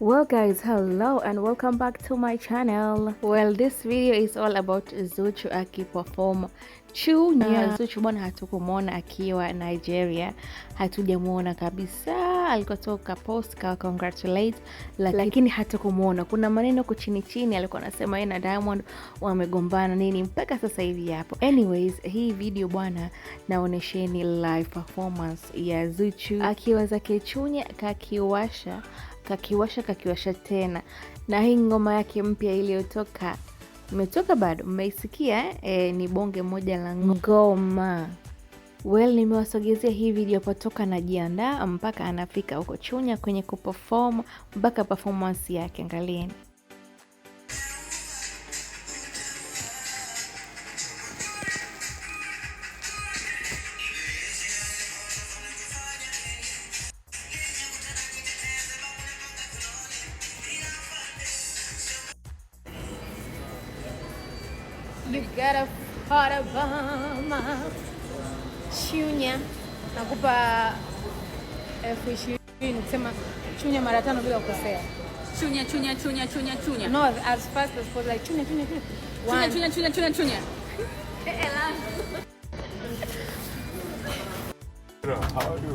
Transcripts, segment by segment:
well guys hello and welcome back to my channel well this video is all about Zuchu akiperform Chu na ah. Zuchu bwana, hatukumwona akiwa Nigeria, hatujamwona kabisa alikotoka post congratulate lakini, lakini hata kumwona kuna maneno ko chini chini alikuwa anasema yeye na Diamond wamegombana nini mpaka sasa hivi yapo. Anyways, hii video bwana, naonesheni live performance ya Zuchu akiwa zake Chunya kakiwasha kakiwasha kakiwasha tena, na hii ngoma yake mpya iliyotoka imetoka bado mmeisikia eh? E, ni bonge moja la ngoma Well, nimewasogezea hii video potoka najiandaa mpaka anafika huko Chunya kwenye kuperform mpaka performance yake, angalieni. You got a heart of chunya, nakupa elfu ishirini kusema chunya mara tano bila kukosea. Chunya chunya chunya chunya chunya. No, as fast as possible. Like chunya chunya chunya. chunya Chunya chunya chunya chunya. How do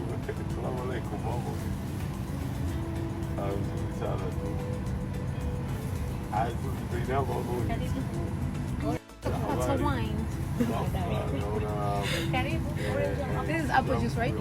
That's a wine. This is apple juice, right?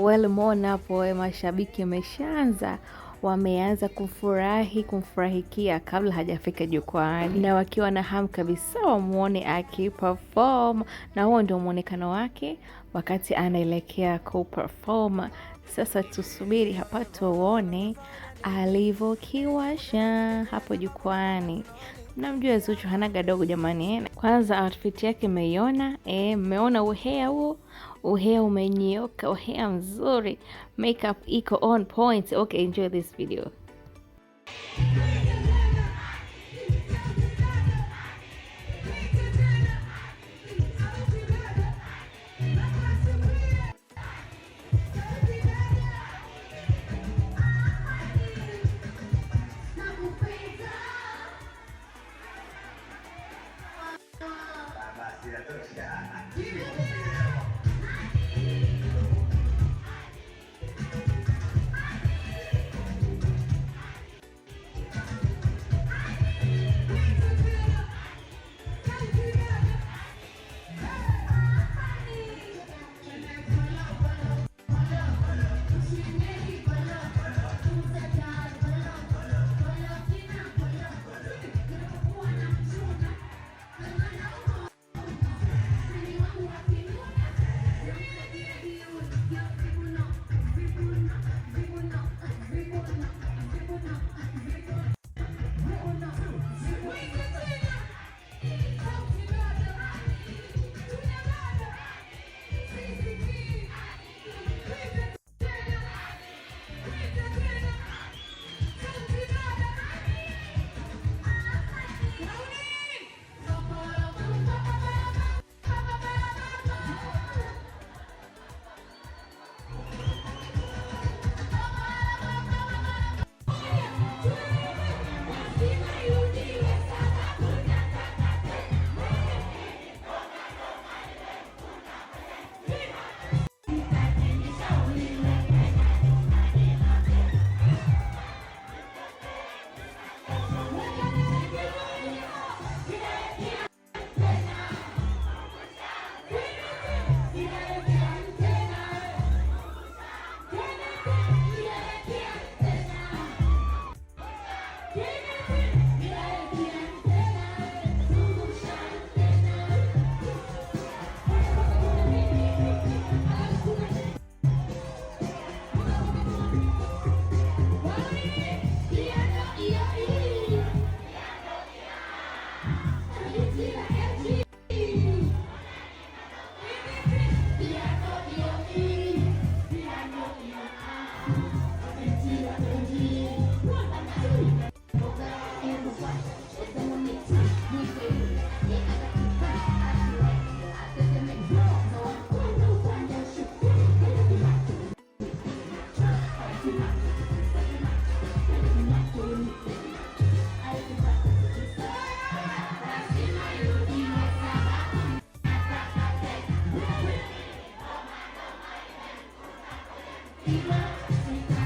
Well, mona hapo eh, mashabiki wameshaanza wameanza kufurahi kumfurahikia kabla hajafika jukwani na wakiwa na hamu kabisa wamwone akiperform, na huo ndio mwonekano wake wakati anaelekea kuperform. Sasa tusubiri hapa tuone alivyokiwasha hapo jukwani namjua Zuchu hana gadogo jamani. Kwanza outfit yake meiona, eh? Mmeona uhea huo, uhea umenyoka, uhea mzuri, makeup iko on point. Okay, enjoy this video. Yeah. Thank you.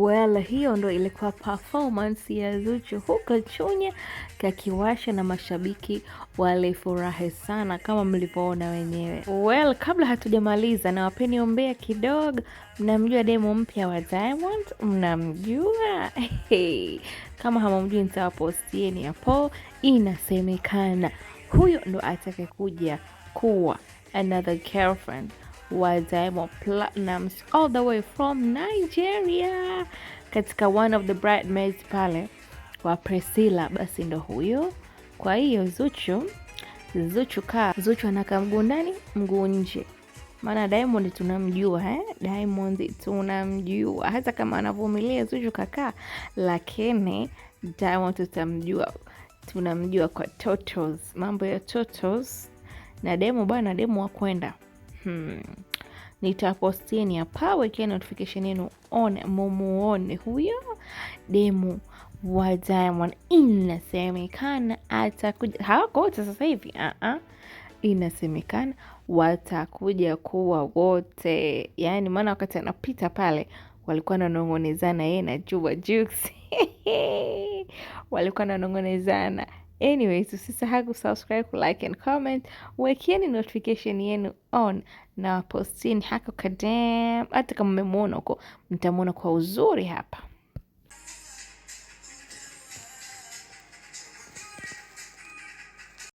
Well, hiyo ndo ilikuwa performance ya Zuchu huko Chunya, kakiwasha na mashabiki walifurahi sana kama mlivyoona wenyewe. Well, kabla hatujamaliza, na wapeni ombea kidogo. Mnamjua demo mpya wa Diamond? Mnamjua? Hey, kama hamamjui nitawapostieni hapo. Inasemekana huyo ndo atake kuja kuwa another girlfriend wa Diamond Platnumz all the way from Nigeria, katika one of the bridesmaids pale wa Priscilla, basi ndo huyo. Kwa hiyo Zuchu Zuchu ka Zuchu anaka mguu ndani mguu nje, maana Diamond tunamjua eh? Diamond tunamjua hata kama anavumilia Zuchu kakaa, lakini Diamond tutamjua, tunamjua kwa Totos, mambo ya Totos na demo bwana, demo wa kwenda Hmm. Nitapostieni hapa, wekeni notification yenu on, mumuone huyo demu wa Diamond. Inasemekana atakuja, hawako wote sasa hivi uh -uh. Inasemekana watakuja kuwa wote, yaani maana wakati anapita pale walikuwa nanong'onezana yeye na Juba walikuwa nanong'onezana Anyways, usisahau kusubscribe, kulike and comment. Wekieni notification yenu on na postini hako kadem. Hata kama mmemwona huko, mtamwona kwa uzuri hapa.